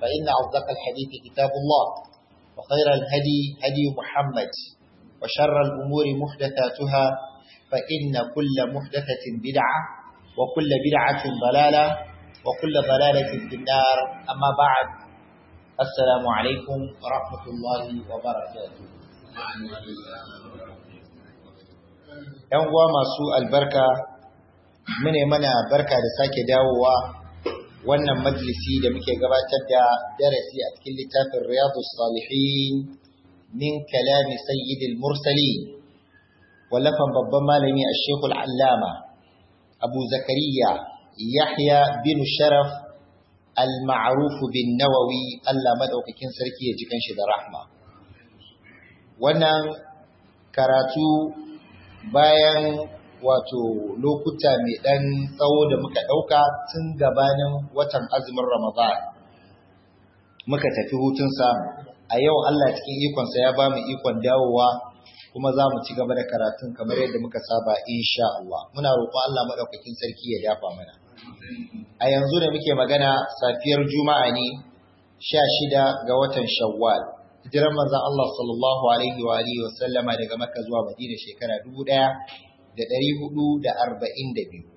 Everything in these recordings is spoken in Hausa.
فإن أصدق الحديث كتاب الله وخير الهدي هدي محمد وشر الأمور محدثاتها فإن كل محدثة بدعة وكل بدعة ضلالة وكل ضلالة في النار أما بعد السلام عليكم ورحمة الله وبركاته ‘Yan uwa masu albarka, mune mana barka da sake dawowa wannan majalisi da muke gabatar da darasi a cikin littafin riyadu salihin min kalami sayyidil mursali wallafan babban malami a shekul allama abu zakariya yahya bin sharaf al-ma'arufu bin nawawi allah madaukakin sarki ya jikan shi da rahma wannan karatu bayan wato lokuta mai ɗan tsawo da muka ɗauka tun gabanin watan azumin Ramadan. Muka tafi hutunsa, a yau Allah cikin ikonsa ya ba mu ikon dawowa kuma za mu ci gaba da karatun kamar yadda muka saba insha Allah. Muna roƙon Allah maɗaukakin sarki ya dafa mana. A yanzu da muke magana safiyar Juma'a ne sha shida ga watan Shawwal. jiran maza Allah sallallahu alaihi wa alihi wa sallama daga maka zuwa Madina shekara dubu ɗaya da ɗari hudu da arba'in da biyu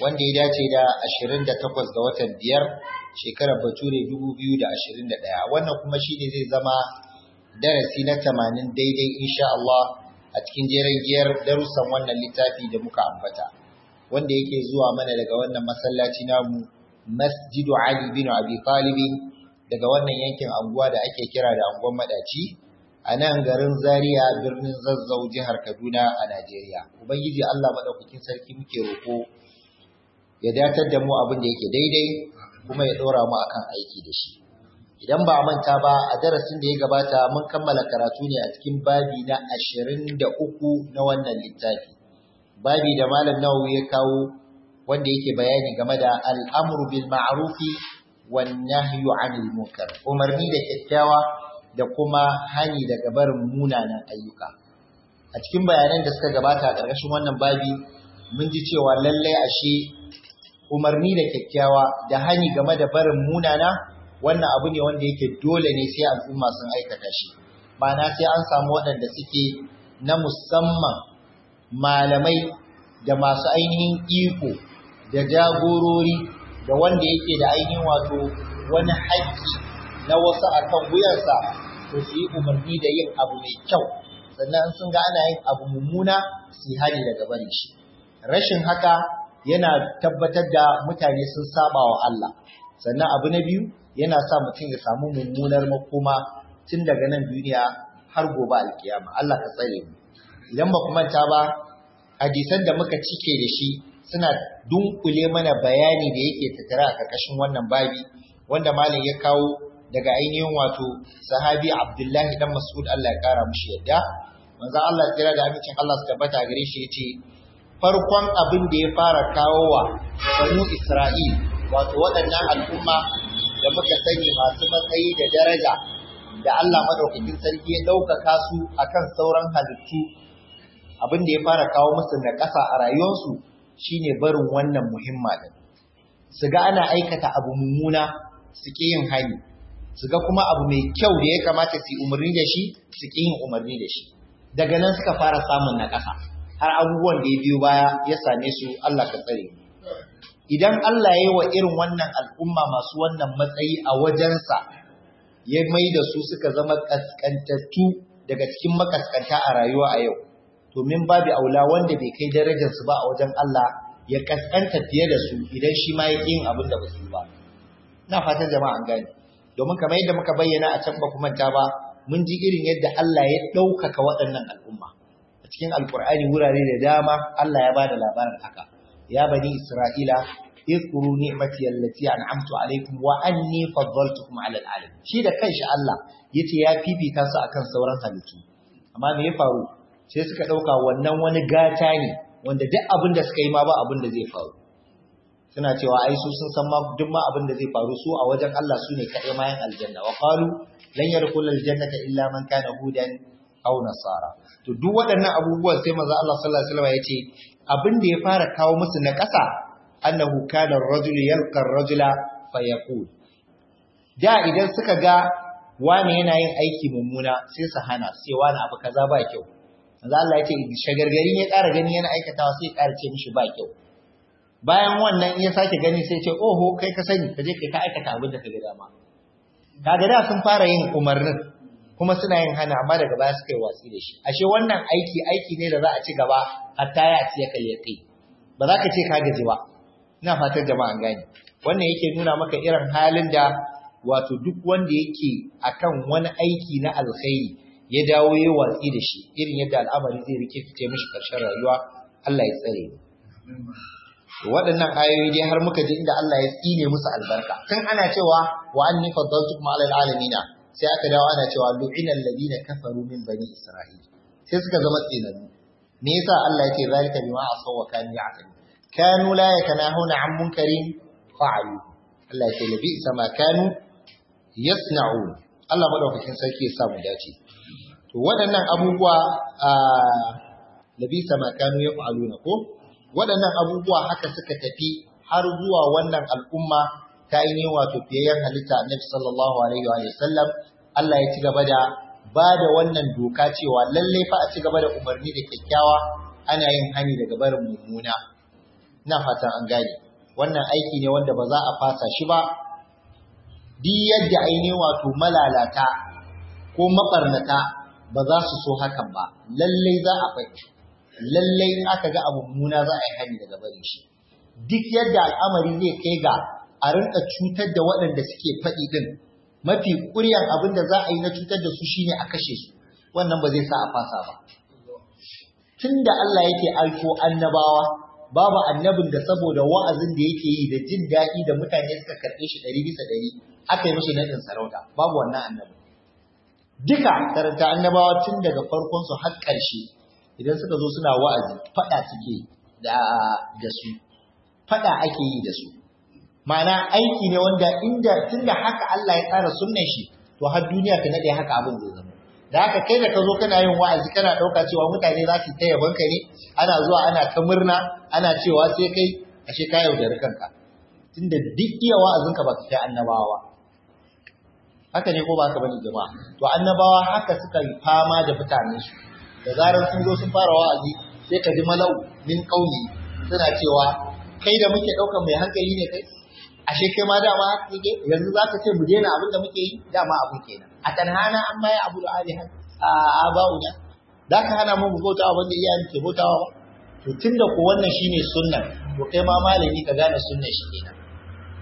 wanda ya dace da ashirin da takwas ga watan biyar shekarar bature dubu biyu da ashirin da ɗaya wannan kuma shi ne zai zama darasi na tamanin daidai insha Allah a cikin jeren giyar darussan wannan littafi da muka ambata wanda yake zuwa mana daga wannan masallaci namu masjidu Ali bin Abi Talib daga wannan yankin anguwa da ake kira da anguwan madaci a nan garin Zaria birnin Zazzau jihar Kaduna a Najeriya. Ubangiji Allah maɗaukakin sarki muke roƙo ya datar da mu abin da yake daidai kuma ya ɗora mu akan aiki da shi. Idan ba a manta ba a darasin da ya gabata mun kammala karatu ne a cikin babi na ashirin da uku na wannan littafi. Babi da Malam nawa ya kawo wanda yake bayani game da al'amru bil ma'arufi wan nahyu anil munkar. Umarni da kyakkyawa da kuma hani daga barin munanan ayyuka a cikin bayanan da suka gabata a ƙarƙashin wannan babi mun ji cewa lallai ashe umarni da kyakkyawa da hani game da barin munana wannan abu ne wanda yake dole ne sai al'umma sun aikata shi ma'ana sai an samu waɗanda suke na musamman malamai da masu ainihin iko da jagorori da wanda yake da ainihin wato wani haƙƙi na wasu a kan wuyansa to su yi umarni da yin abu mai kyau sannan sun ga ana yin abu mummuna su yi hari daga bari shi rashin haka yana tabbatar da mutane sun saba wa Allah sannan abu na biyu yana sa mutum ya samu mummunar makoma tun daga nan duniya har gobe alkiyama Allah ka tsare mu idan ba manta ba hadisan da muka cike da shi suna dunkule mana bayani da yake tattara a karkashin wannan babi wanda malam ya kawo daga ainihin wato sahabi Abdullahi dan Mas'ud Allah ya kara mushi yadda manzo Allah ya tsira da amincin Allah su tabbata gare shi yace farkon abin da ya fara kawowa banu Isra'il wato waɗannan al'umma da muka sani masu matsayi da daraja da Allah madaukakin sarki ya ɗaukaka su akan sauran halittu abin da ya fara kawo musu na ƙasa a rayuwarsu shine barin wannan muhimma Suga su ga ana aikata abu mummuna su ke yin hani su ga kuma abu mai kyau da ya kamata su yi umarni da shi su ƙi yin umarni da shi daga nan suka fara samun na ƙasa har abubuwan da ya biyo baya ya same su Allah ka tsare idan Allah ya yi wa irin wannan al'umma masu wannan matsayi a wajensa ya mai da su suka zama ƙasƙantattu daga cikin makaskanta a rayuwa a yau domin babu aula wanda bai kai darajarsu ba a wajen Allah ya kaskanta fiye da su idan shi ma ya yin abin da ba su ba na fatan jama'a an gane domin kamar yadda muka bayyana a can ba kuma ta ba mun ji irin yadda Allah ya ɗaukaka waɗannan al'umma a cikin alkur'ani wurare da dama Allah ya ba da labarin haka ya bani isra'ila اذكروا نعمتي التي انعمت عليكم واني فضلتكم على العالم shi da kanshi Allah yace ya fifita su akan sauran halittu amma me ya faru sai suka dauka wannan wani gata ne wanda duk abin da suka yi ma ba abin da zai faru suna cewa ai su sun san duk ma abin da zai faru su a wajen Allah su ne kaɗai mayan aljanna wa lanyar lan yadkhul aljannata illa man kana hudan aw nasara to duk waɗannan abubuwan sai manzo Allah sallallahu alaihi wasallam yace abin da ya fara kawo musu na ƙasa annahu kana ar-rajul yalqa ar-rajula fayaqul da idan suka ga wani yana yin aiki mummuna sai su hana sai wani abu kaza ba kyau manzo Allah yace shagargarin ya ƙara gani yana aikatawa sai ya ƙara ce mishi ba kyau bayan wannan ya sake gani sai ce oho kai ka sani ka je kai ka aikata abin da ka ga dama kaga da sun fara yin umarnin kuma suna yin hana amma daga baya suka yi watsi da shi ashe wannan aiki aiki ne da za a ci gaba hatta ya ci ya kai ya kai ba za ka ce ka gaji ba ina fatan jama'an gani wannan yake nuna maka irin halin da wato duk wanda yake akan wani aiki na alkhairi ya dawo ya watsi da shi irin yadda al'amari zai rike fice mishi ƙarshen rayuwa Allah ya tsare waɗannan ayoyi dai har muka ji inda Allah ya tsine musu albarka tun ana cewa wa anni faddaltukum ala alamina sai aka dawo ana cewa lu'ina alladina kafaru min bani isra'il sai suka zama tsinanu me yasa Allah yake zalika bima asaw wa kanu ya'tabu kanu la yatanahuna an munkarin fa'alu Allah ya ce labi sama kanu yasna'un Allah madaukakin sarki ya mu dace to waɗannan abubuwa a ah, labi sama kanu yaf'aluna ko waɗannan abubuwa haka suka tafi har zuwa wannan al'umma ta ne wato fiyayyen halitta annabi sallallahu alaihi wa sallam Allah ya ci gaba da ba da wannan doka cewa lalle fa a ci gaba da umarni da kyakkyawa ana yin hani daga barin mummuna na fatan an gane wannan aiki ne wanda ba za a fasa shi ba duk yadda ainihin wato malalata ko maɓarnata ba za su so hakan ba lallai za a fahimci lallai in aka ga abu muna za a yi hani daga bari shi duk yadda al'amari zai kai ga a rinka cutar da waɗanda suke faɗi ɗin, mafi ƙuryan abin da za a yi na cutar da su shine a kashe su wannan ba zai sa a fasa ba tunda Allah yake aiko annabawa babu annabin da saboda wa'azin da yake yi da jin daɗi da mutane suka karɓe shi ɗari bisa ɗari aka yi mashi naɗin sarauta babu wannan annabin duka karanta annabawa tun daga farkon su har ƙarshe idan suka zo suna wa'azi faɗa suke da su faɗa ake yi da su ma'ana aiki ne wanda inda tunda haka Allah ya tsara sunnan shi to har duniya ta nade haka abin zai zama da haka kai da ka zo kana yin wa'azi kana ɗauka cewa mutane za su ta yabon ne ana zuwa ana ta murna ana cewa sai kai ashe ka yaudari kanka tunda duk iya wa'azinka ba ka kai annabawa haka ne ko ba ka bane jama'a to annabawa haka suka yi fama da mutanen su da zarar sun zo sun fara wa'azi sai ka ji malau min kauni suna cewa kai da muke ɗaukan mai hankali ne kai ashe kai ma dama haka kake yanzu za ka ce mu daina abin da muke yi dama abin kenan a tanhana an ya abu da ali a da. za ka hana mu bauta abin da iyayen ke bautawa ba to tunda ko wannan shine sunnan to kai ma malami ka gane sunnan shi kenan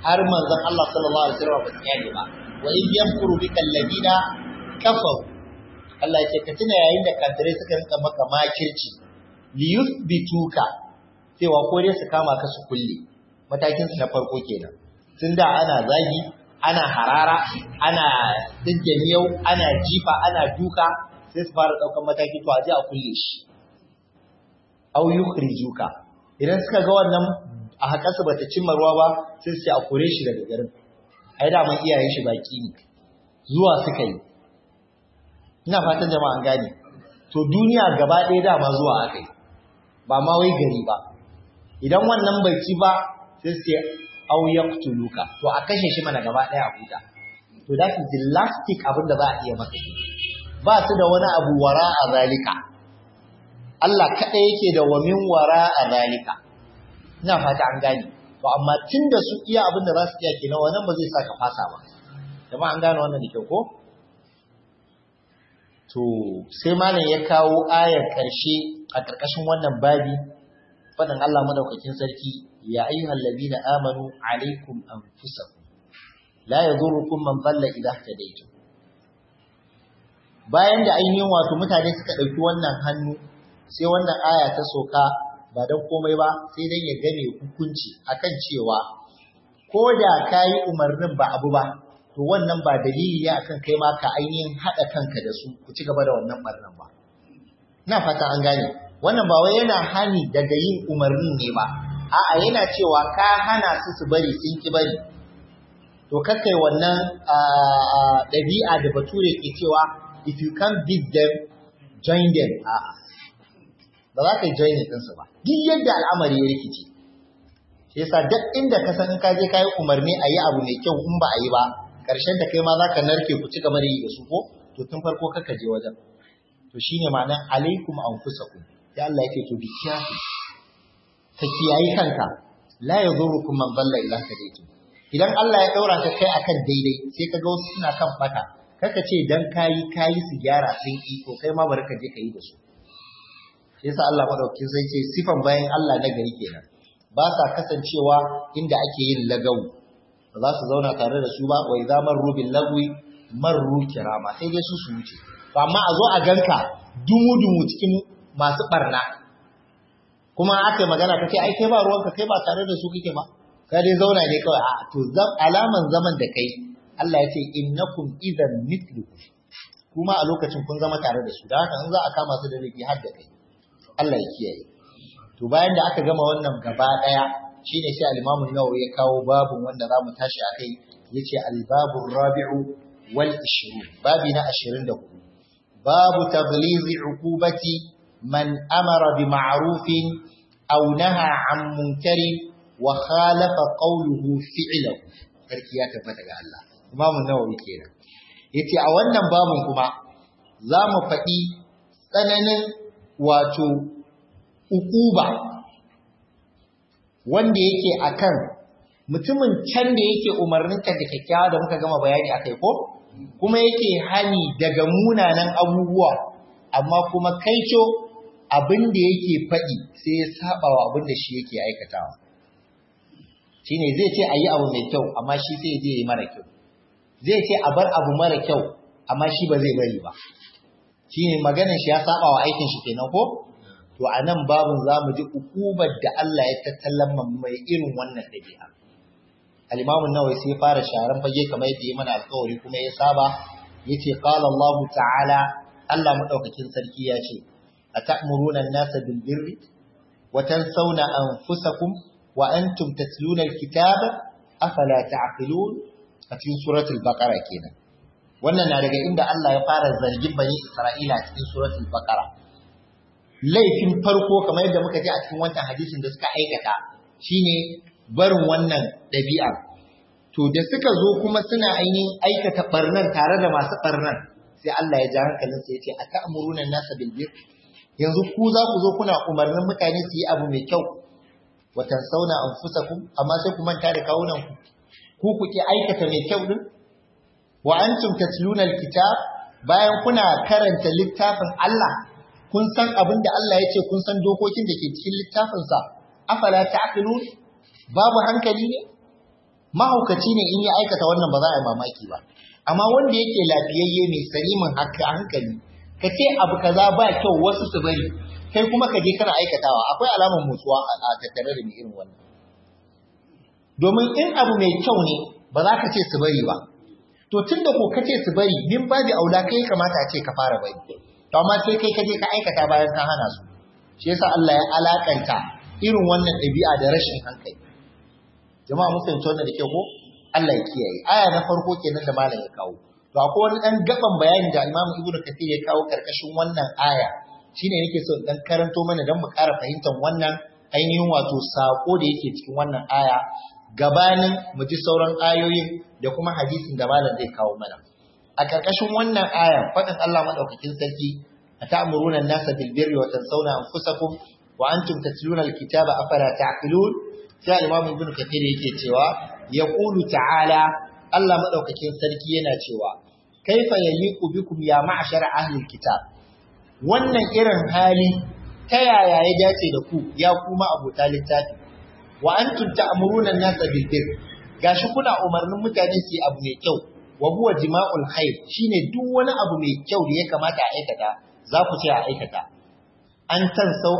har manzon Allah sallallahu alaihi wasallam ba ya ba wa in yamkuru bika alladina kafaru Allah ya ce ka tuna yayin da kafirai suka rinka maka makirci li yuthbituka cewa ko dai su kama ka su kulle matakin su na farko kenan tun da ana zagi ana harara ana dinjin yau ana jifa ana duka sai su fara ɗaukar mataki to a ji a kulle shi au yukhrijuka idan suka ga wannan a hakansu bata cimma ruwa ba sai su ce a kore shi daga garin ai da mun iyayen shi baki ne zuwa suka yi ina fatan jama'a an gane to duniya gaba ɗaya dama zuwa kai ba ma wai gari ba idan wannan bai ci ba sai sai ce au yaqtuluka to a kashe shi mana gaba ɗaya a huta to that is the last kick abin da za a iya maka ba su da wani abu wara a zalika Allah kaɗai yake da wamin wara a zalika ina fata an gane to amma tun da su iya abin da za su iya kenan wannan ba zai sa ka fasa ba jama'a an gane wannan da kyau ko to sai malam ya kawo ayar karshe a karkashin wannan babi faɗin Allah madaukakin sarki ya ayyuhal ladina amanu alaikum anfusakum la yadurukum man dalla idha hadaytum bayan da ainihin wato mutane suka ɗauki wannan hannu sai wannan aya ta soka ba dan komai ba sai dan ya gane hukunci akan cewa ko da kayi umarnin ba abu ba to wannan ba dalili ne akan kai ma ka ainihin haɗa kanka da su ku ci gaba da wannan barnan ba na fata an gane wannan ba wai yana hani daga yin umarnin ne ba a'a yana cewa ka hana su su bari sun ki bari to kakai wannan ɗabi'a da bature ke cewa if you can beat them join them a'a ba za ka yi join ɗinsu ba duk yadda al'amari ya rikici shi yasa duk inda ka san in ka je ka umarni a yi abu mai kyau in ba a yi ba ƙarshen ta kai ma za ka narke ku ci gaba da yi da su ko to tun farko kaka je wajen to shine ma'ana alaikum anfusakum ya Allah yake to bikiyafi ka kiyayi kanka la rukun man dalla illa kadaitu idan Allah ya daura ka kai akan daidai sai ka ga wasu suna kan baka kaka ce dan kayi kayi su gyara sun yi to kai ma bari ka je kayi da su yasa Allah madaukakin sai ce sifan bayan Allah na gari kenan ba sa kasancewa inda ake yin lagau. ba za su zauna tare da su ba wa idza marru bil lagwi marru kirama sai dai su su wuce to amma a zo a ganka dumu dumu cikin masu barna kuma aka magana kake ai kai ba ruwanka kai ba tare da su kike ba kai dai zauna ne kawai a to alaman zaman da kai Allah ya ce innakum idan mithlukum kuma a lokacin kun zama tare da su da haka in za a kama su da laifi har da kai Allah ya kiyaye to bayan da aka gama wannan gaba daya shine sai al-Imam an-Nawawi ya kawo babun wanda za mu tashi akai yace al-babu rabiu wal 20 babi na 24 babu taghlizi uqubati man amara bi ma'rufin aw naha 'an munkarin wa khalafa qawluhu fi'lahu sarki ya tabbata ga Allah Imam an-Nawawi kenan yace a wannan babun kuma za mu faɗi tsananin wato ukuba wanda yake akan mutumin can da yake umarnin da kyakkyawa da muka gama bayani akai ko kuma yake hani daga munanan abubuwa amma kuma kaico abin da yake faɗi sai ya saba wa abin da shi yake aikatawa shine zai ce ayi abu mai kyau amma shi sai zai yi mara kyau zai ce a bar abu mara kyau amma shi ba zai bari ba shine maganar shi ya saba wa aikin shi kenan ko to a nan babin za mu ji ukubar da Allah ya tattalan mai irin wannan ɗabi'a. Al'imamu nawai sai fara sharan fage kamar yadda ya mana alkawari kuma ya saba, ya ce, Kala Allah ta'ala, Allah maɗaukakin sarki ya ce, A ta'amurunan nasa bilbirri, watan sauna an fusakun wa an tumtatlunar kitaba, afala ta'aqilun a cikin suratul baƙara kenan. Wannan na daga inda Allah ya fara zargin bani Isra'ila cikin suratul Baqara. laifin farko kamar yadda muka ji a cikin wancan hadisin da suka aikata shine barin wannan ɗabi'a to da suka zo kuma suna ainihin aikata ɓarnar tare da masu ɓarnar, sai Allah ya ji hankalin sa yace nan nasa bil yanzu ku za ku zo kuna umarnin mutane su yi abu mai kyau wa tansawna anfusakum amma sai ku manta da kawunan ku ku ku ki aikata mai kyau din wa antum tatluna alkitab bayan kuna karanta littafin Allah kun san abin da Allah ya ce kun san dokokin da ke cikin littafinsa afala ta babu hankali ne mahaukaci ne in ya aikata wannan ba za a yi mamaki ba amma wanda yake lafiyayye mai salimin hankali ka ce abu kaza ba kyau wasu su bari kai kuma ka je kana aikatawa akwai alamar mutuwa a tattare da irin wannan domin in abu mai kyau ne ba za ka ce su bari ba to tunda ko ka ce su bari min babu aula kai kamata a ce ka fara bari to amma sai kai kaje ka aikata bayan ka hana su shi yasa Allah ya alakanta irin wannan ɗabi'a da rashin hankali jama'a mun fahimci wannan da ke ko Allah ya kiyaye aya na farko kenan da malam ya kawo to akwai wani dan gaban bayani da Imam Ibn Kathir ya kawo karkashin wannan aya shine yake so dan karanto mana dan mu ƙara fahimtar wannan ainihin wato sako da yake cikin wannan aya gabanin mu ji sauran ayoyin da kuma hadisin da malam zai kawo mana a ƙarƙashin wannan ayan, faɗin Allah madaukakin sarki a an-nasa bil birri wa tansawna anfusakum wa antum tatluna alkitaba afala ta'qilun sai al-imam ibn kathir yake cewa yaqulu ta'ala Allah madaukakin sarki yana cewa kaifa yaliqu bikum ya ma'shar ahli alkitab kitab wannan irin hali ta yaya ya dace da ku ya kuma abota littafi wa antum ta'muruna nasa bil birri gashi kuna umarnin mutane su abu mai kyau wa huwa jima'ul khair shine duk wani abu mai kyau da ya kamata a aikata za ku ce a aikata an tan sau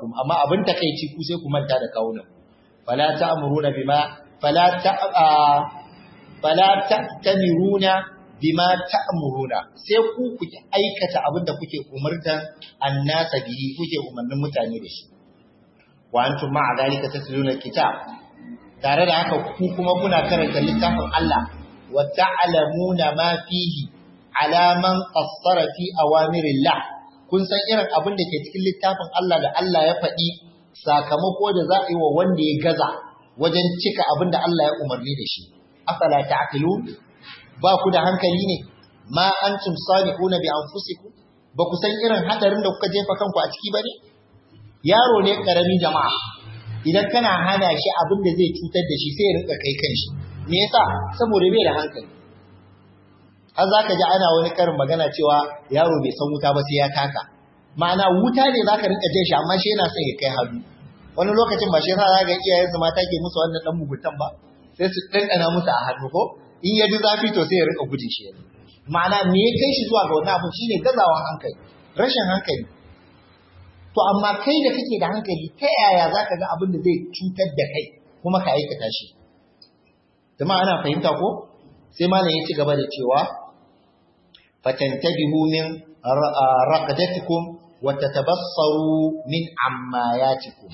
kuma amma abin takeici ku sai ku manta da kawunan fala ta'muruna bima fala ta fala tamiruna bima ta'muruna sai ku ku aikata abin da kuke umurtan annasa bi kuke umarnin mutane da shi wa antum ma'a dalika tatluna kitab tare da haka ku kuma kuna karanta littafin Allah wa ta'lamuna ma fihi ala man qassara fi kun san irin abin da ke cikin littafin Allah da Allah ya faɗi sakamako da za a yi wa wanda ya gaza wajen cika abin da Allah ya umarni da shi afala ta'qilun ba ku da hankali ne ma antum salihuna bi anfusikum ba ku san irin hadarin da kuka jefa kanku a ciki ne? yaro ne ƙaramin jama'a idan kana hana shi abin da zai cutar da shi sai ya rinka kai kanshi me yasa saboda bai da hankali har zaka ji ana wani karin magana cewa yaro bai san wuta ba sai ya taka ma'ana wuta ne zaka rinka jin shi amma shi yana son ya kai hannu wani lokacin ba shi yasa zaka ga iyayensu mata ke musu wannan dan mugutan ba sai su dinkana musu a hannu ko in ya ji zafi to sai ya rinka gudun shi ma'ana me ya kai shi zuwa ga wannan abin shine gazawan hankali rashin hankali to amma kai da kake da hankali ta yaya zaka ga abin da zai cutar da kai kuma ka aikata shi jama'a ana fahimta ko sai malam ya ci gaba da cewa fatantabihu min raqadatikum wa tatabassaru min ammayatikum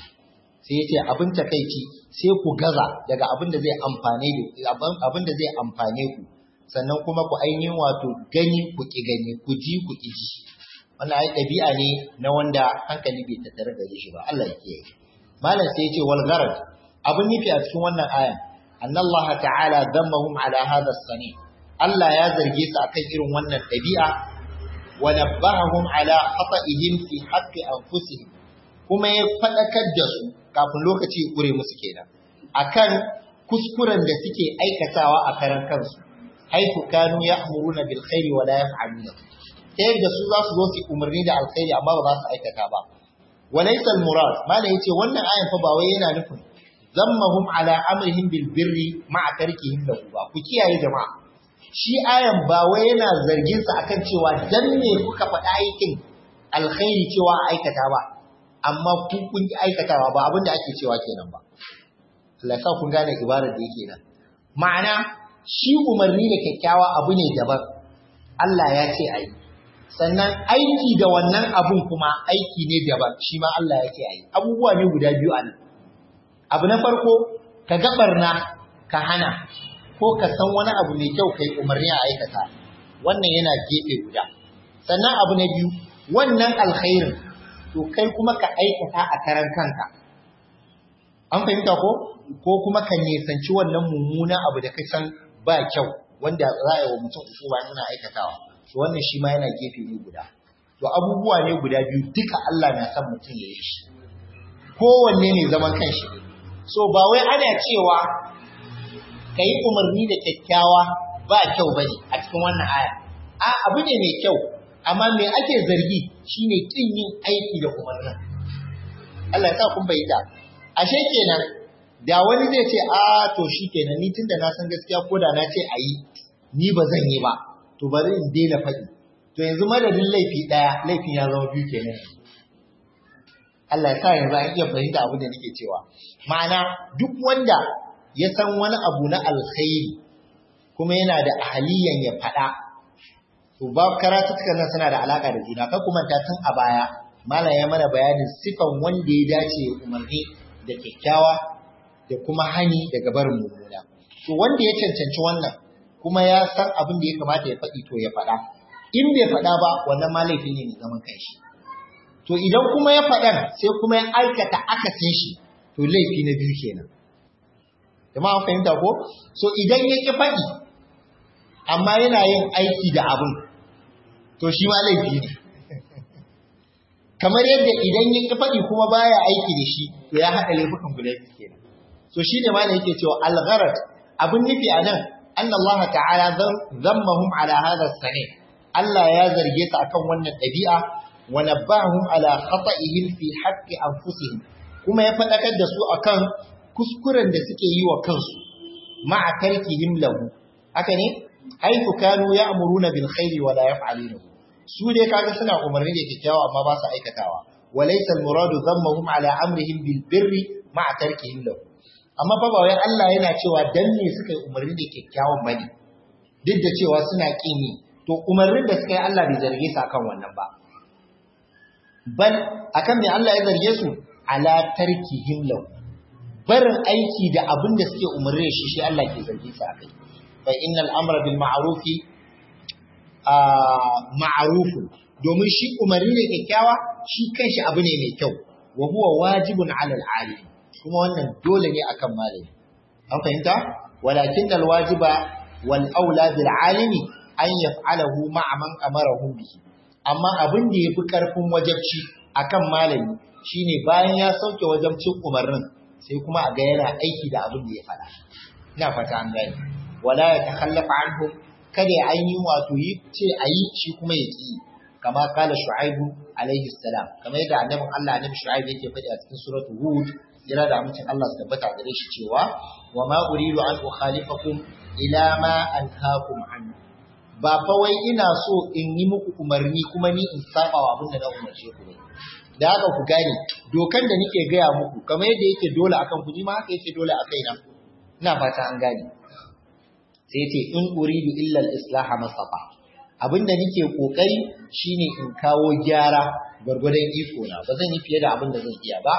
sai yace abin takeici sai ku gaza daga abin da zai amfane ku abin da zai amfane ku sannan kuma ku ainihin wato gani ku ki gani ku ji ku ki ji wannan ai dabi'a ne na wanda hankali bai tattare da shi ba Allah ya kiyaye malam sai yace wal gharad abin nufi a cikin wannan ayan anna Allah ta'ala dhammahum ala hadha as-sani Allah ya zarge su akan irin wannan dabi'a wa nabbahum ala khata'ihim fi haqqi anfusihim kuma ya fadakar da su kafin lokaci ya kure musu kenan akan kuskuren da suke aikatawa a karan kansu haifu kanu amuruna bil khairi wa la ta yadda su za su zo su umarni da alkhairi amma ba za su aikata ba walaysa al murad ya yace wannan ayan fa ba wai yana nufin zammahum ala amrihim bil birri ma'a tarkihim lahu ba ku kiyaye jama'a shi ayan ba wai yana zargin sa akan cewa dan ne kuka faɗa aikin alkhairi cewa aikata ba amma ku kun yi aikatawa ba abinda ake cewa kenan ba Allah sa kun gane ibarar da yake nan ma'ana shi umarni da kyakkyawa abu ne daban Allah ya ce ayi sannan aiki da wannan abun kuma aiki ne daban shi ma Allah ya ce ayi abubuwa ne guda biyu a nan abu na farko ka gabarna ka hana ko ka san wani abu mai kyau kai umarni a aikata wannan yana gefe guda sannan abu na biyu wannan alkhairin to kai kuma ka aikata a karan kanka an fahimta ko ko kuma ka nisanci wannan mummunan abu da ka san ba kyau wanda za a yi wa mutum ba yana aikatawa to wannan shi ma yana gefe ne guda to abubuwa ne guda biyu duka Allah na san mutum ya yi shi kowanne ne zaman kanshi so ba wai ana cewa ka yi umarni da kyakkyawa ba kyau ba ne a cikin wannan aya a abu ne mai kyau amma me ake zargi shine kin yin aiki da umarnin Allah ya sa kun bayyana ashe kenan da wani zai ce a to shi kenan ni tunda na san gaskiya ko da na ce a yi ni ba zan yi ba to bari in daina faɗi to yanzu madadin laifi ɗaya laifin ya zama biyu kenan Allah ya sa yanzu an iya fahimta abin da nake cewa ma'ana duk wanda ya san wani abu na alkhairi kuma yana da ahaliyan ya faɗa to ba karatuttukan nan suna da alaka da juna kai kuma ta tun a baya malam ya mana bayanin sifan wanda ya dace ya umarni da kyakkyawa da kuma hani daga barin mummuna to wanda ya cancanci wannan kuma ya san abin da ya kamata ya faɗi to ya faɗa in bai faɗa ba wannan ma laifi ne mai zaman kanshi to idan kuma ya faɗan sai kuma ya aikata akasin shi to laifi na biyu kenan an fahimta ko so idan ya ki faɗi amma yana yin aiki da abin to shi ma laifi ne kamar yadda idan ya ki faɗi kuma baya aiki da shi to ya haɗa laifukan guda biyu kenan so shi ne ma da yake cewa algharat abin nufi a nan أن الله تعالى ذمهم على هذا sani Allah ya zarge su akan wannan ɗabi'a wa nabbahum ala khata'ihim fi haqqi anfusihim kuma ya faɗakar da su akan kuskuren da suke yi wa kansu ma'a tarkihim lahu haka ne haitu kanu ya'muruna bil khairi wa la yaf'alunahu su dai kaga suna umarni da kyakkyawa amma ba su aikatawa wa laysa al muradu dhammahum ala amrihim bil birri ma'a tarkihim lahu amma fa ba Allah yana cewa dan ne suka yi umarni da kyakkyawan bane duk da cewa suna ni, to umarnin da suka yi Allah bai zarge su akan wannan ba bal akan me Allah ya zarge su ala latarki law barin aiki da abin da suke umarni shi shi Allah ke zarge su akai fa innal amra bil ma'rufi domin shi umarni ne kyakkyawa shi kanshi abu ne mai kyau wa huwa wajibun ala al kuma wannan dole ne akan malami an fahimta walakin al wajiba wal aula bil alimi an yaf'alahu ma'a man amarahu bihi amma abin da ya fi ƙarfin wajabci a kan malami shine bayan ya sauke wajabcin umarnin sai kuma a ga yana aiki da abin da ya faɗa ina fata an gani wala ya takhallafa anhu kada ya an yi wato yi ce a yi shi kuma ya ƙi. kama kala shu'aibu alaihi salam kamar yadda annabin Allah annabi shu'aibu yake faɗi a cikin suratu hud yana da amincin Allah su tabbata gare shi cewa wa ma uridu an ukhalifakum ila ma anhaakum anhu ba fa wai ina so in yi muku umarni kuma ni in saba wa abin da na umarce ku da haka ku gane dokan da nike gaya muku kamar yadda yake dole akan ku ni ma haka yake dole a kaina ina fata an gane sai ce in uridu illa al-islaha masafa da nike kokari shine in kawo gyara gwargwadon iko na ba zan yi fiye da abin da zan iya ba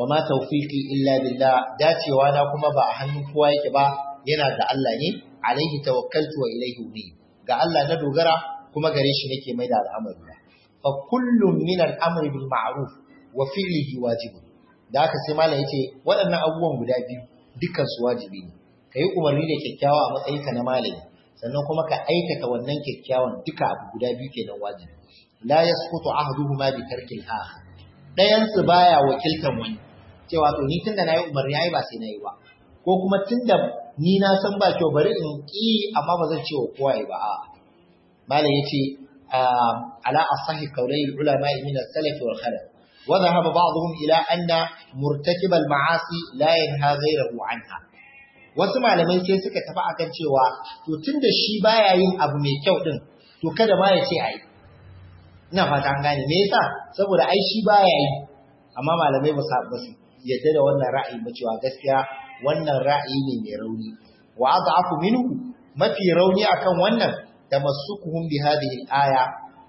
wa ma tawfiqi illa billah dacewa na kuma ba a hannun kowa yake ba yana da Allah ne alaihi tawakkaltu wa ilaihi unib ga Allah na dogara kuma gare shi nake mai da al'amari na fa kullum min al'amri bil ma'ruf wa fi'lihi wajib da aka sai malam yace waɗannan abubuwan guda biyu dukkan su wajibi ne kai umarni da kyakkyawa a matsayinka na malami sannan kuma ka aikata wannan kyakkyawan duka abu guda biyu kenan wajibi la yasqutu ahduhuma bi tarkil akhar dayan su baya wakiltan wani cewa to ni tunda nayi umarni ai ba sai nayi ba ko kuma tunda ni na san ba kyau bari in ƙi amma ba zan ce wa kowa ba a ya yace ah, ala asahi qawlai ulama min as-salaf wal khalaf wa dhahaba ba'dhum ila anna murtakib al-ma'asi la yanha ghayrahu anha wasu malamai sai suka tafi akan cewa to tunda shi baya yin abu mai kyau din to kada ma ya ce ai ina fata an gane me yasa saboda ai shi baya yi amma malamai ba su yadda da wannan ra'ayi ba cewa gaskiya wannan ra'ayi ne mai rauni wa adhafu minhu mafi rauni akan wannan Da kuhun bi hadhihi al-aya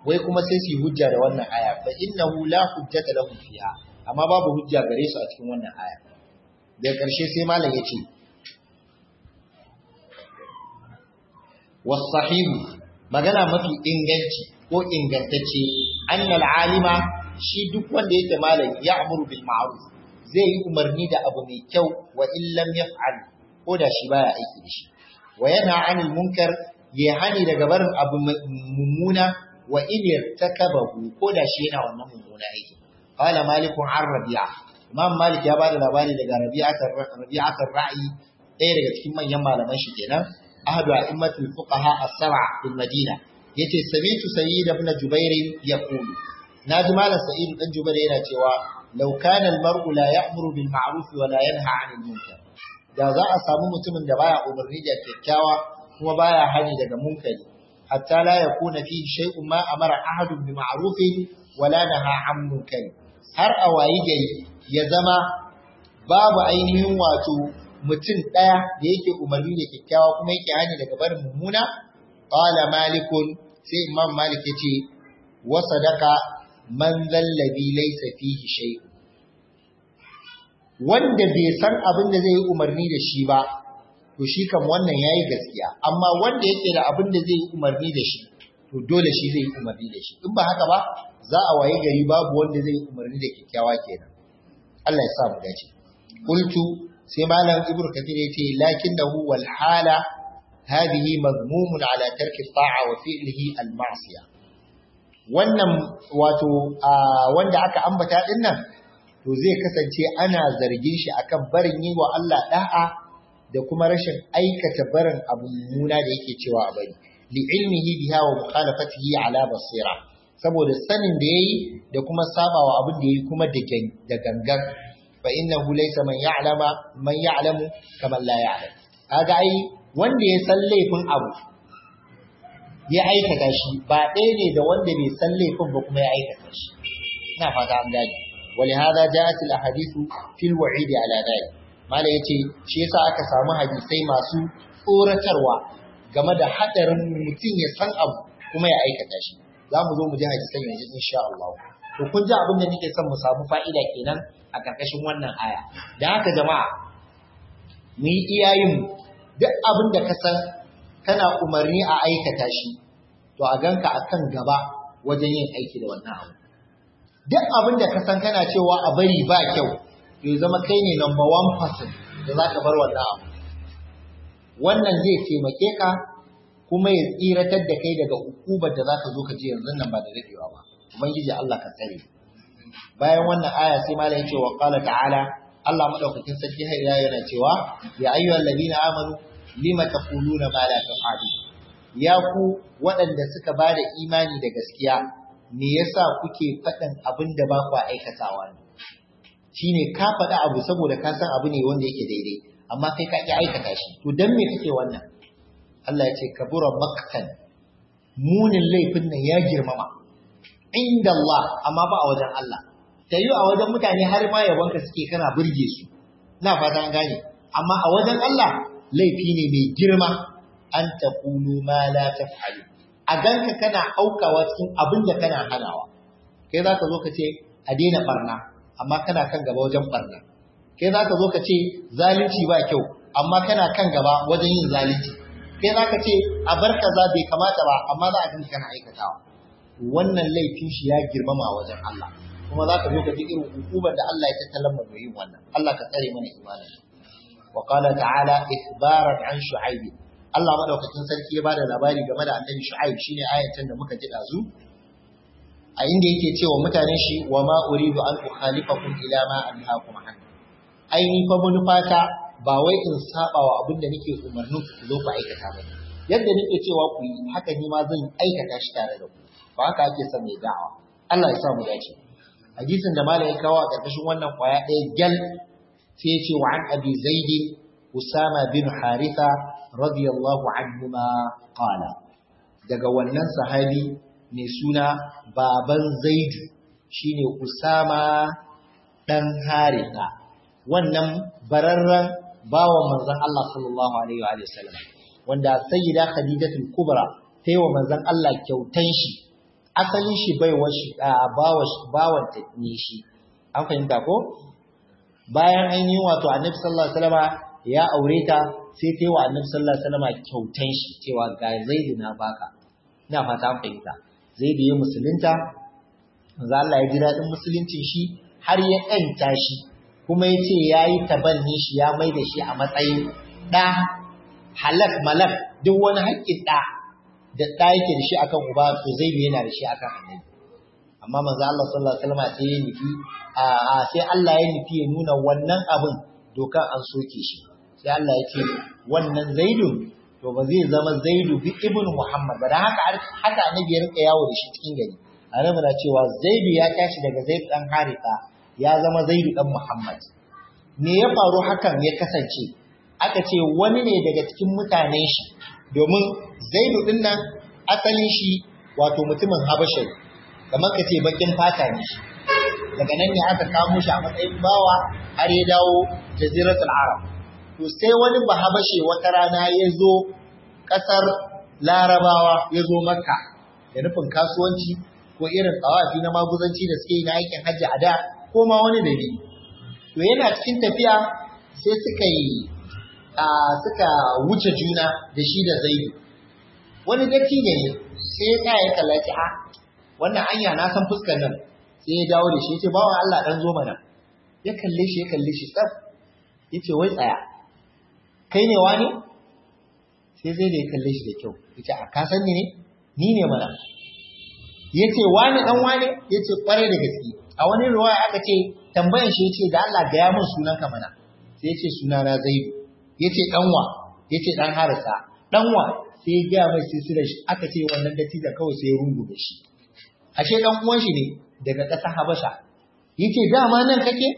wai kuma sai su hujja da wannan aya fa innahu la hujjata lahum fiha amma babu hujja gare su a cikin wannan aya da karshe sai malam yace was-sahihu magana mafi inganci ko ingantacce annal alima shi duk wanda yake malam ya amuru bil ma'ruf zai yi umarni da abu mai kyau wa illam yaf'al ko da shi baya aiki da shi wa yana anil munkar ya hani daga barin abu mummuna wa in yartakabahu ko da shi yana wannan mummuna aiki qala Malik an rabi'a imam malik ya bada labari daga Rabi'a rabi'atar ra'i ɗaya daga cikin manyan malaman shi kenan ahadu a'immatul fuqaha as-sab'a bil madina yace sami'tu sayyid ibn jubair yaqulu ji malam sa'id dan jubair yana cewa Laukanan kana maru la ya'muru bil ma'ruf wa la da za a samu mutumin da baya umarni da kyakkyawa kuma baya hani daga munkari hatta la yakuna fihi shay'un ma amara ahadun bi ma'ruf wala la naha 'an munkari har a wayi gari ya zama babu ainihin wato mutum ɗaya da yake umarni da kyakkyawa kuma yake hani daga barin mummuna qala malikun sai imam malik yace wa sadaka man zallabi laisa fihi shay'un wanda bai san abin da zai yi umarni da shi ba to shi kam wannan yayi gaskiya amma wanda yake da abin da zai yi umarni da shi to dole shi zai yi umarni da shi in ba haka ba za a waye gari babu wanda zai yi umarni da kyakkyawa kenan Allah ya sa mu dace qultu sai malam ibnu kathir yace lakinnahu wal hala hadhihi mazmumun ala tarki ta'a wa fi'lihi al ma'siyah wannan wato wanda aka ambata din nan to zai kasance ana zargin shi akan barin yi wa Allah da'a da kuma rashin aikata barin abu mummuna da yake cewa a bari li ilmihi biha wa mukhalafatihi ala basira saboda sanin da yayi da kuma sabawa abin da yayi kuma da gangan fa innahu laysa man ya'lama man ya'lamu kama la ya'lam kaga ai wanda ya san laifin abu ya aikata shi ba ɗaya ne da wanda bai san laifin ba kuma ya aikata shi ina fata an gane ولهذا جاءت الاحاديث في الوعيد على ذلك mala ce shi yasa aka samu hadisai masu tsoratarwa game da haɗarin mutum ya san abu kuma ya aikata shi za mu zo mu ji hadisan yanzu insha Allah to kun ji abin da nake son mu samu fa'ida kenan a karkashin wannan aya da haka jama'a mu yi iyayen duk abin da ka san kana umarni a aikata shi to a ganka a kan gaba wajen yin aiki da wannan abu duk abin da ka san kana cewa a bari ba kyau to ya zama kai ne number one person da za ka bar wannan abu wannan zai taimake ka kuma ya tsiratar da kai daga hukubar da za ka zo ka je yanzu nan ba da daɗewa ba ubangiji Allah ka tsare bayan wannan aya sai malam ya ce wa qala ta'ala Allah madaukakin sarki har yana cewa ya ayyuhal ladina amanu lima taquluna ma la taf'alun ya ku waɗanda suka ba da imani da gaskiya me yasa kuke faɗin abin da ba ku aikatawa ne shine ka faɗa abu saboda ka san abu ne wanda yake daidai amma kai ka ƙi aikata shi to dan me kake wannan Allah ya ce kabura maktan munin laifin nan ya girmama inda Allah amma ba a wajen Allah ta yi a wajen mutane har ma yabonka suke kana burge su na fata an gane amma a wajen Allah laifi ne mai girma an taqulu ma la taf'alu a ganka kana aukawa cikin abin da kana hanawa kai za ka zo ka ce a daina barna amma kana kan gaba wajen barna kai za ka zo ka ce zalunci ba kyau amma kana kan gaba wajen yin zalunci kai za ka ce a bar kaza bai kamata ba amma za a ganka kana aikatawa wannan laifin shi ya girmama wajen Allah kuma za ka zo ka ji irin hukumar da Allah ya tattalin mai yin wannan Allah ka tsare mana imanin wa qala ta'ala ikhbaran an shu'aib Allah madaukakin sarki ya bada labari game da annabi shu'aib shine ayatan da muka ji dazu a inda yake cewa mutanen shi wa ma uridu an ukhalifakum ila ma anhaakum an ni fa mun fata ba wai in saba wa abin da nake umarnin ku zo ku aikata ba yadda nake cewa ku yi haka ni ma zan aikata shi tare da ku ba haka ake son mai da'awa Allah ya sa mu dace hadisin da malai ya kawo a ƙarƙashin wannan kwaya ɗaya gyal sai ya ce wa an abi zaidi usama bin haritha radiyallahu anhu qala daga wannan sahabi mai suna baban zaidu shine usama dan haritha wannan bararren bawan manzon Allah sallallahu alaihi wa sallam wanda sayyida khadijatul kubra ta yi wa manzon Allah kyautan shi asalin shi baiwa shi a bawa bawanta ne shi an fahimta ko bayan an yi wato annabi sallallahu alaihi wasallama ya aure ta sai ta yi wa annabi sallallahu alaihi wasallama kyautan shi cewa ga zaidu na baka ina fata an fahimta zaidu ya musulunta manzo Allah ya ji daɗin musuluncin shi har ya ƙanta shi kuma ya ce ya yi tabanni shi ya mai da shi a matsayin ɗa halak malak duk wani haƙƙin ɗa da ɗa yake da shi akan uba to zaidu yana da shi akan annabi amma manzo Allah sallallahu alaihi wasallam sai ya nufi a sai Allah ya nufi ya nuna wannan abin dokan an soke shi sai Allah ya ce wannan zaidu to ba zai zama zaidu bi Ibn muhammad ba dan haka haka annabi ya ka yawo da shi cikin gari annabi na cewa zaidu ya tashi daga zaid dan harika ya zama zaidu dan muhammad me ya faru hakan ya kasance aka ce wani ne daga cikin mutanen shi domin zaidu din asalin shi wato mutumin ne kamar ka ce bakin fata ne shi daga nan ne aka kamo shi a matsayin bawa har ya dawo jaziratul arab to sai wani bahabashe wata rana ya zo kasar larabawa ya zo makka da nufin kasuwanci ko irin tsawafi na maguzanci da suke yi na aikin hajji a da ko ma wani dalili to yana cikin tafiya sai suka yi a suka wuce juna da shi da zaidu wani dattijo ne sai ya tsaya ya kallaci a ah, wannan anya na san fuskar nan sai ya dawo da shi yace bawa Allah dan zo mana ya kalle shi ya kalle shi tsaf yace wai tsaya kai ne wani sai zai da ya kalle shi da kyau yace a ka san ni ne ni ne mana yace wani dan wani yace kware da gaske a wani riwaya aka ce tambayan shi yace da Allah ga ya mun sunan ka mana sai yace suna na Zaidu yace wa yace dan harasa wa sai ya ga mai sisirar shi aka ce wannan dattijo kawai sai ya rungu da shi ashe dan uwan shi ne daga ƙasa Habasha yace dama nan kake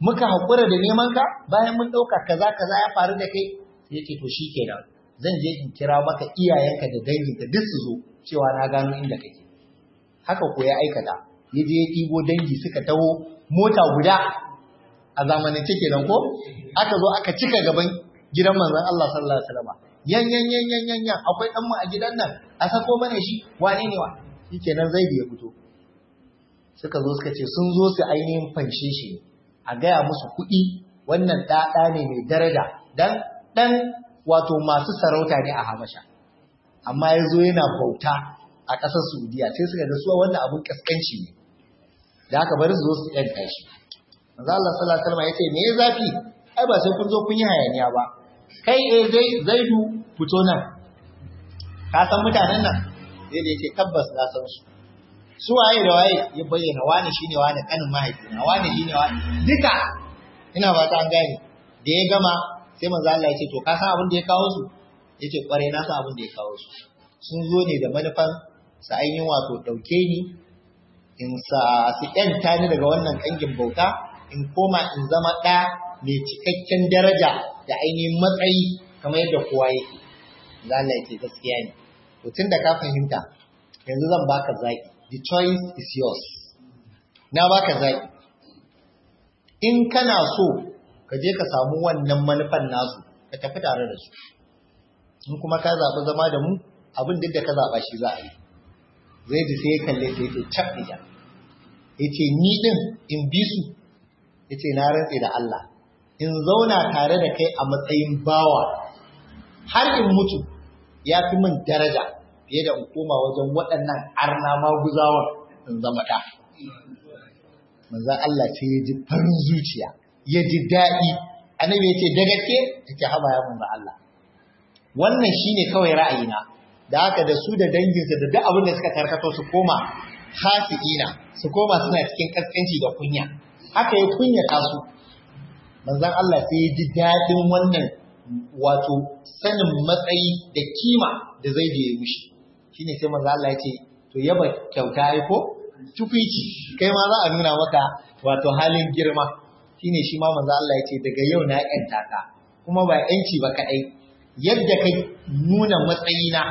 muka hakura da neman ka bayan mun ɗauka kaza kaza ya faru da kai yace to shikenan zan je in kira maka iyayenka da danginka duk su zo cewa na gano inda kake haka ko ya aikata ya je ya ɗibo dangi suka taho mota guda a zamanin zamanance kenan ko aka zo aka cika gaban gidan manzon Allah sallallahu alaihi wasallam yan yan yan yan yan akwai dan mu a gidan nan a sako mana shi wane ne wa shikenan zaidu ya fito suka zo suka ce sun zo su ainihin fanshe shi a gaya musu kuɗi wannan ɗaɗa ne mai daraja dan ɗan wato masu sarauta ne a habasha amma ya zo yana bauta a ƙasar saudiya sai suka ga suwa wannan abin ƙasƙanci ne da aka bari su zo su ɗanta shi manzo Allah sallallahu alaihi ya ce me ya zafi ai ba sai kun zo kun yi hayaniya ba kai eh zai zaidu fito nan ka san mutanen nan sai da yake tabbas na san su su waye da waye ya bayyana wani shine wani kanin na wani shine wani duka ina ba ta an gane da ya gama sai manzo Allah ya ce to ka san abin da ya kawo su yace kware na san abin da ya kawo su sun zo ne da manufan su yi wato dauke ni in sa su yanta ni daga wannan kangin bauta in koma in zama da mai cikakken daraja da ainihin matsayi kamar yadda kowa yake Allah yake gaskiya ne to da ka fahimta yanzu zan baka zaki the choice is yours na baka zaki in kana so ka je ka samu wannan manufan nasu ka tafi tare da su in kuma ka zaɓi zama da mu abin duk da ka zaɓa shi za a yi zai ji sai kalle sai ce cap ya ce ni ɗin in bi su ya ce na rantse da Allah in zauna tare da kai a matsayin bawa har in mutu ya fi min daraja fiye da in koma wajen waɗannan arna maguzawan in zama ɗa. Manzan Allah ce ya ji farin zuciya, ya ji daɗi, annabi ya ce da gaske ta ce haba ya manzan Allah. Wannan shi ne kawai ra'ayina, da haka da su da danginsa da duk abin da suka tarkato su koma ina, su koma suna cikin ƙasƙanci da kunya. Haka ya kunya kasu. Manzan Allah sai ya ji daɗin wannan wato sanin matsayi da kima da zai da ya mushi ne sai manzo Allah ya ce to yaba kyauta ai ko tukuici kai ma za a nuna maka wato halin girma Shi ne shi ma manzo Allah ya ce daga yau na yanta ka kuma ba yanci ba kadai yadda ka nuna matsayi na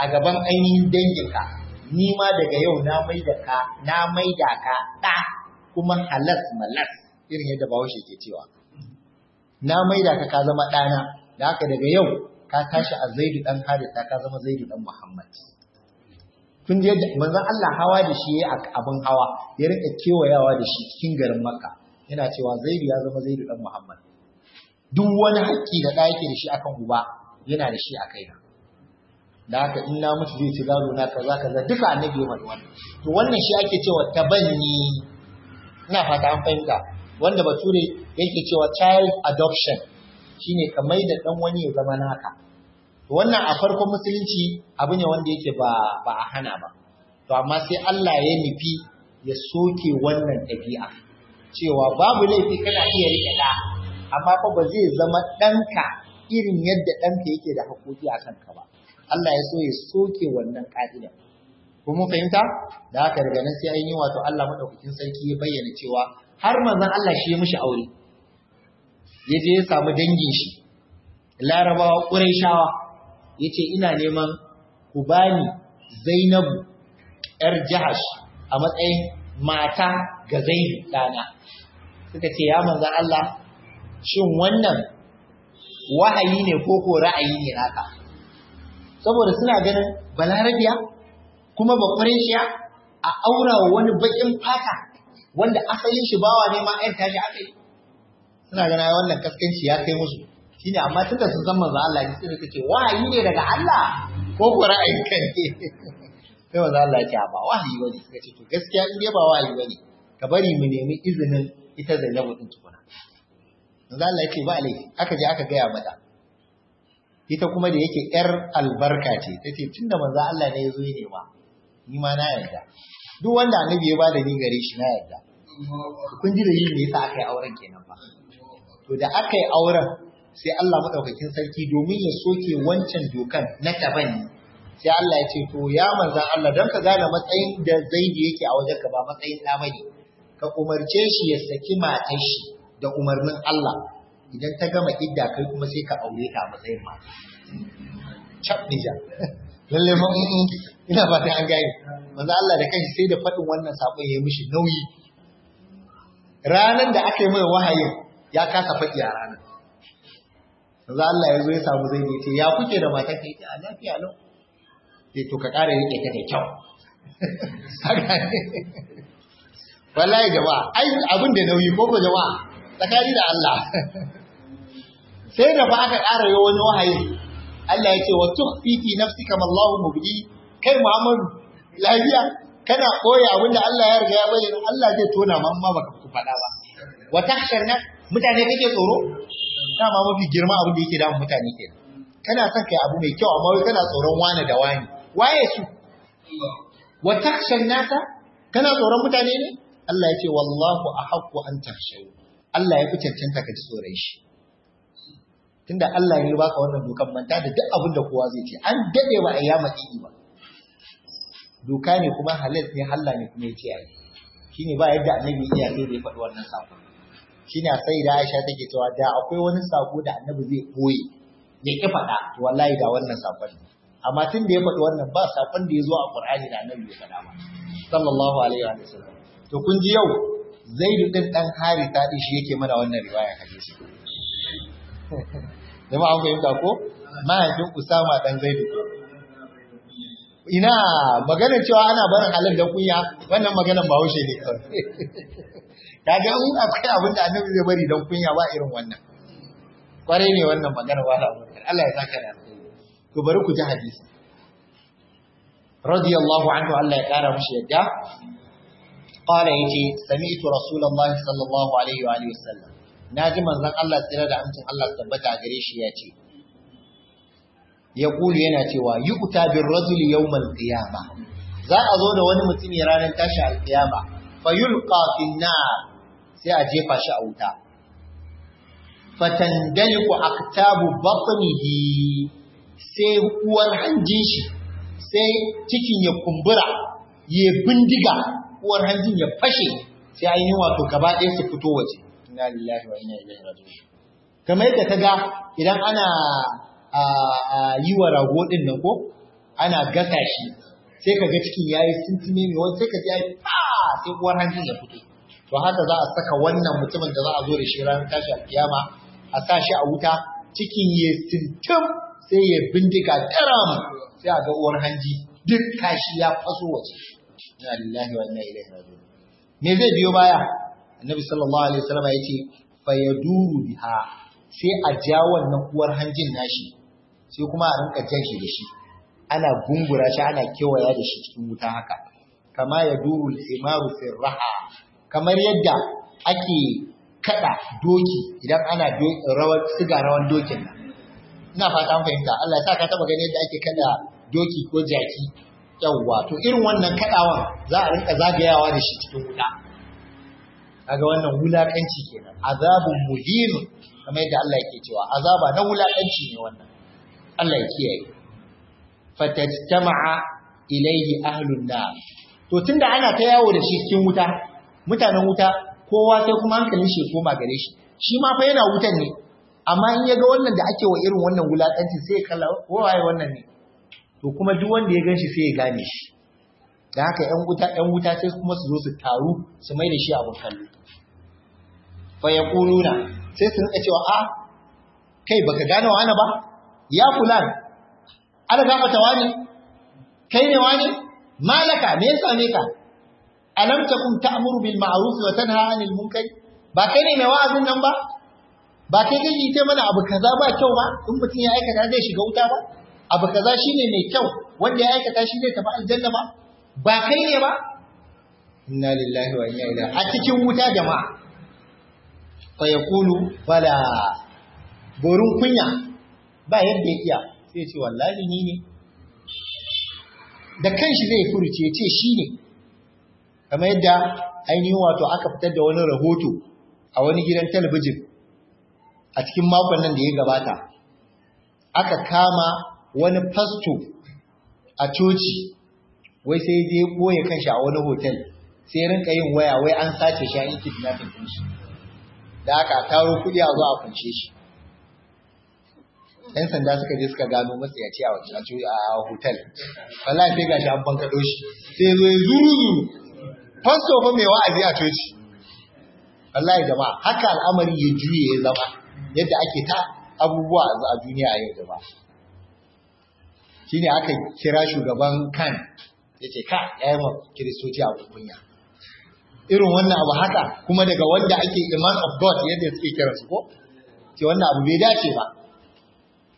a gaban ainihin danginka ni ma daga yau na da ka na da ka da kuma halas malas irin yadda bawo shi ke cewa na da ka ka zama ɗana da haka daga yau ka tashi a zaidu dan harisa ka zama zaidu ɗan muhammad kun je manzan Allah hawa da shi a abin hawa ya rika kewayawa da shi cikin garin maka, yana cewa zaidu ya zama zaidu ɗan muhammad duk wani haƙƙi da ɗaya yake da shi akan uba yana da shi a kaina da haka in na mutu zai ci gado na kaza kaza duka annabi ya faɗi wannan to wannan shi ake cewa tabanni ina fata an fahimta wanda bature yake cewa child adoption shine ka maida dan wani ya zama naka wannan a farkon musulunci abu ne wanda yake ba ba a hana ba to amma sai Allah ya nufi ya soke wannan ɗabi'a cewa babu laifi kana iya rike da amma fa ba zai zama ɗanka irin yadda ɗanka yake da haƙoƙi a kanka ba Allah ya so ya soke wannan ƙa'ida ko mun fahimta da haka riga nan sai an yi wato Allah madaukakin sarki ya bayyana cewa har manzon Allah shi ya mishi aure ya je ya samu dangin shi larabawa shawa ya ce ina neman ku bani zainabu ‘yar jahash a matsayin mata ga zainu ɗana suka ce ya manzan Allah shin wannan wahayi ne ko ko ra'ayi ne naka saboda suna ganin balarabiya kuma ba a aura wani baƙin fata wanda asalin shi bawa ne ‘yan tashi aka yi suna gana wannan kaskanci ya kai musu ne, amma tunda sun san manzo Allah ne sai ce wahayi ne daga Allah ko ko ra'ayin kai sai manzo Allah ya ce ba wahayi bane suka ce to gaskiya in dai ba wahayi bane ka bari mu nemi izinin ita Zainabu din tukuna manzo Allah ya ce ba alai aka je aka gaya mata ita kuma da yake yar albarka ce tace tunda manzo Allah ne ya zo ne ba ni ma na yarda duk wanda annabi ya bada ni gare shi na yarda kun ji da yi ne yasa aka yi auren kenan ba to da aka yi auren sai Allah maɗaukakin sarki domin ya soke wancan dokan na tabani sai Allah ya ce to ya manzan Allah don ka gane matsayin da zaidi yake a wajen ka ba matsayin ɗa bane ka umarce shi ya saki matar shi da umarnin Allah idan ta gama idda kai kuma sai ka aure ta a matsayin ma chap nija lalle ma ina ta an gani manzan Allah da kanshi sai da faɗin wannan saƙon ya yi mishi nauyi ranan da aka yi mai wahayin ya kasa faɗi a ranar za Allah ya zo ya samu zai ne ce ya kuke da mata ka yake a lafiya lau ce to ka ƙara rike ta da kyau wallahi jama'a ai abin da nauyi ko ko jama'a tsakani da Allah sai da ba aka ƙara yi wani wahayi Allah ya ce wa tukhfi fi nafsika ma Allahu mubdi kai Muhammadu lafiya kana koya abin da Allah ya riga ya bayyana Allah zai tona ma amma baka faɗa ba wa takhshan nafs mutane kake tsoro dama mafi girma abin da yake damun mutane ke kana son kai abu mai kyau amma kana tsoron wani da wani waye su wa takshan nasa kana tsoron mutane ne Allah ya ce wallahu ahaqqu an tahshaw Allah ya fi cancanta ka ji tsoron shi tunda Allah ya baka wannan dokan manta da duk abin da kowa zai ce an dade wa ayyama dini ba doka ne kuma halal ne Allah ne kuma ya ce ai shine ba yadda annabi ya iya zai da ya faɗi wannan sako shine sai da Aisha take cewa da akwai wani sako da Annabi zai koyi ya ki faɗa to wallahi ga wannan sakon amma tun da ya faɗi wannan ba sakon da ya zo a Qur'ani da Annabi ya faɗa ba sallallahu alaihi wa sallam to kun ji yau Zaid bin dan Haritha din shi yake mana wannan riwaya hadisi jama'a an fahimta ko mahaifin Usama dan Zaid ko ina magana cewa ana barin halin da kunya wannan maganan haushe ne kawai kaga in akwai abin da annabi zai bari dan kunya ba irin wannan kwarai ne wannan magana ba da Allah ya saka da ku bari ku ji hadisi radiyallahu anhu Allah ya kara mishi yadda ce yace sami'tu rasulullahi sallallahu alaihi wa Sallam. Na ji manzon Allah tsira da amcin Allah tabbata gare shi ce. ya kulu yana cewa yi uta bin rajuli yau malkiyama za a zo da wani mutum ya ranar tashi alkiyama fa kafin na sai a jefa shi a wuta Fatan ku a aktabu batnihi sai uwar hanjin shi sai cikin ya kumbura ya bindiga uwar hanjin ya fashe sai ainihin wato gaba ɗaya su fito waje inna lillahi wa ina ilaihi raji'un kamar yadda ga idan ana a yi wa rago ɗin nan ko ana gasa shi sai ka ga cikin yayi tuntuni mai wani sai ka ji ai fa sai uwar hanjin ya fito to haka za a saka wannan mutumin da za a zo da shi ranar tashi alkiyama a sa shi a wuta cikin ya tuntum sai ya bindiga taram sai a ga uwar hanji duk kashi ya faso waje inna lillahi wa inna ilaihi raji'un me zai biyo baya annabi sallallahu alaihi wasallam yace fayaduru biha sai a ja wannan uwar hanjin nashi sai kuma a rinka jan shi da shi ana gungura shi ana kewaya da shi cikin wuta haka kama ya duru imaru raha kamar yadda ake kada doki idan ana rawar siga rawan dokin nan ina fata fahimta Allah ya sa ka taba ganin yadda ake kada doki ko jaki yawwa to irin wannan kadawan za a rinka zagayawa da shi cikin wuta kaga wannan wulakanci kenan azabun muhin kamar yadda Allah yake cewa azaba na wulakanci ne wannan Allah ya kiyaye fatajtama'a ilayhi ahlun nar to tunda ana ta yawo da shi cikin wuta mutanen wuta kowa sai kuma hankalin shi koma gare shi shi ma fa yana wutan ne amma in ya ga wannan da ake wa irin wannan wulakancin sai ya kalla waye wannan ne to kuma duk wanda ya gan shi sai ya gane shi da haka ‘yan wuta ‘yan wuta sai kuma su zo su taru su mai da shi a kallo fa ya sai su rika cewa a ah, kai baka gane wa ana ba ya fulan ala gafata wani kai ne wani malaka me yasa ne ka alam takun ta'muru bil ma'ruf wa tanha 'anil munkar ba kai ne mai wa'azin nan ba ba kai kake ta mana abu kaza ba kyau ba in mutum ya aikata zai shiga wuta ba abu kaza ne mai kyau wanda ya aikata shi zai tafi aljanna ba ba kai ne ba inna lillahi wa inna ilaihi a cikin wuta jama'a fa yaqulu bala borin kunya ba yadda ya iya sai ce wallahi ni ne da kanshi zai furuce ya ce shi ne kamar yadda ainihin wato aka fitar da wani rahoto a wani gidan talabijin a cikin makon nan da ya gabata aka kama wani fasto a coci wai sai zai ɓoye kanshi a wani hotel sai rinka yin waya wai an sace shi an yi shi da aka taro kuɗi a zo a kunshe shi yan sanda suka je suka gano matsayaci a a hotel wallahi sai gashi an banka doshi, sai zo ya zuru zuru fasto fa mai wa'azi a coci wallahi jama'a haka al'amari ya juye ya zama yadda ake ta abubuwa a duniya da ba. Shi ne aka kira shugaban kan ce ka yayin kiristoci a kunya irin wannan abu haka kuma daga wanda ake iman of god yadda suke kiransu ko Ke wannan abu bai dace ba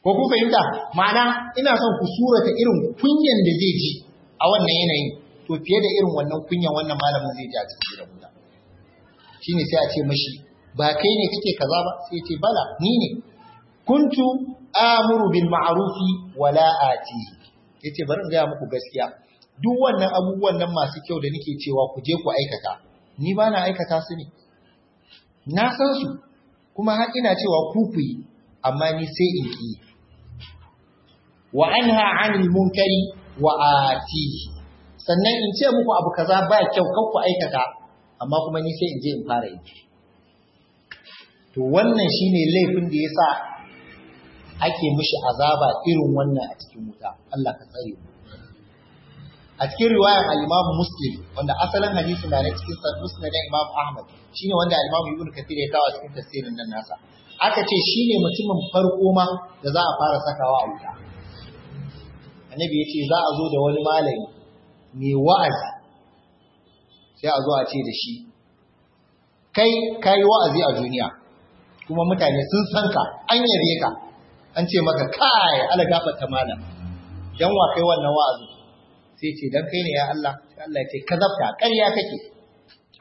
ko ku fahimta ma'ana ina son ku surata irin kunyan da zai ji a wannan yanayin to fiye da irin wannan kunyan wannan malamin zai ji a cikin da shine sai a ce mashi ba kai ne kake kaza ba sai ce bala ni ne kuntu amuru bil ma'rufi wala ati yace bari in ga muku gaskiya duk wannan abubuwan nan masu kyau da nake cewa ku je ku aikata ni ba na aikata su ne na san su kuma har ina cewa ku ku yi amma ni sai in yi wa anha anil munkari wa atihi sannan in ce muku abu kaza ba kyau kan ku aikata amma kuma ni sai in je in fara yi to wannan shine laifin da yasa ake mishi azaba irin wannan a cikin wuta Allah ka tsare mu a cikin riwayar al-Imam Muslim wanda asalin hadisi da ne cikin Muslim da Imam Ahmad shine wanda al-Imam Ibn Kathir ya kawo cikin tafsirin nan nasa aka ce shine mutumin farko ma da za a fara sakawa a wuta annabi ya ce za a zo da wani malami ne wa'azi sai a zo a ce da shi kai ka wa'azi a duniya kuma mutane sun san ka an yare ka an ce maka kai ala ta malam dan wa kai wannan wa'azi sai ce dan kai ne ya Allah sai Allah ya ce kazabta ƙarya kake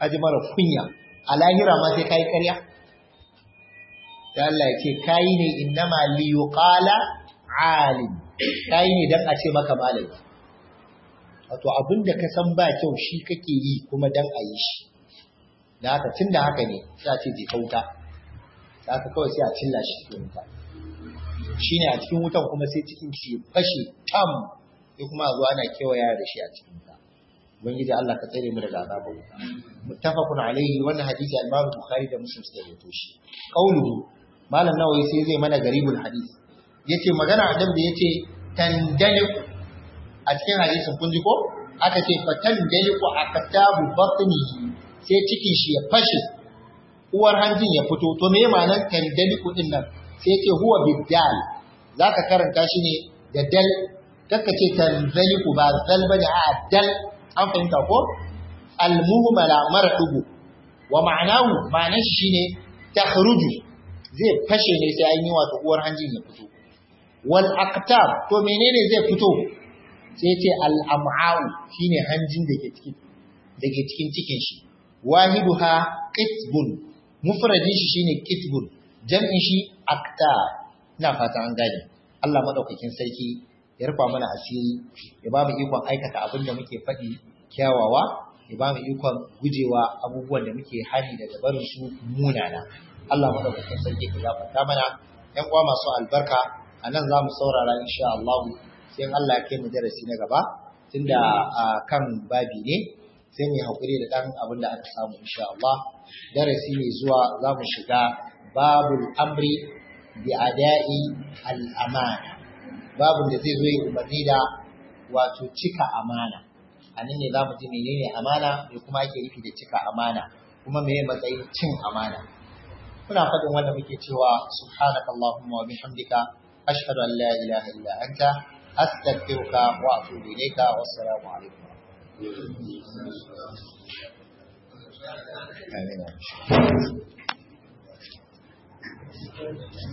aji mara kunya a lahira ma sai kai ƙarya sai Allah ya ce kai ne innama liyuqala alim ka yi ne don a ce maka malami wato abin da ka san ba kyau shi kake yi kuma don a yi shi da haka tun da haka ne za a ce je kauta Za ka kawai sai a cilla shi cikin wuta shi ne a cikin wutan kuma sai cikin shi fashe tam ya kuma a zo ana kewaya da shi a cikin wuta ubangiji Allah ka tsare mu daga azabar wuta muttafaqun alaihi wannan hadisi al-Bukhari da Muslim suka rawaito shi qauluhu malam nawawi sai zai mana garibul hadisi yace magana adam da yace tandaliku a cikin hadisin kun ji ko aka ce fa tandaliku akatabu batnihi sai cikin shi ya fashe uwar hanjin ya fito to me ma'anar tandaliku din nan sai yace huwa bidal zaka karanta shi ne da dal kakka ce Tandaliku ba zal bane a dal an fahimta ko al mara mardubu wa ma'anahu ma'anar shi ne takhruju zai fashe ne sai an yi wato uwar hanjin ya fito wal aqtab to menene zai fito sai ce al am'a'u shine hanjin da ke cikin da ke cikin cikin shi wahiduha qitbun mufradin shi shine qitbun jam'in shi aqtab ina fata an gane Allah madaukakin sarki ya rufa mana asiri ya ba mu ikon aikata abin da muke faɗi kyawawa ya ba mu ikon gujewa abubuwan da muke hari daga barin su munana Allah madaukakin sarki ya gafarta mana 'yan uwa masu albarka a nan za mu saurara insha Allah sai in Allah ya kai mu darasi na gaba tunda kan babi ne sai mu hakuri da dan abin da aka samu insha Allah darasi ne zuwa za mu shiga babul amri bi ada'i al amana babun da zai zo yi umarni da wato cika amana a nan ne za mu ji menene amana me kuma ake rufi da cika amana kuma me matsayin cin amana kuna faɗin wanda muke cewa subhanakallahumma wa bihamdika أشهد أن لا إله إلا أنت أستغفرك وأتوب إليك والسلام عليكم آمين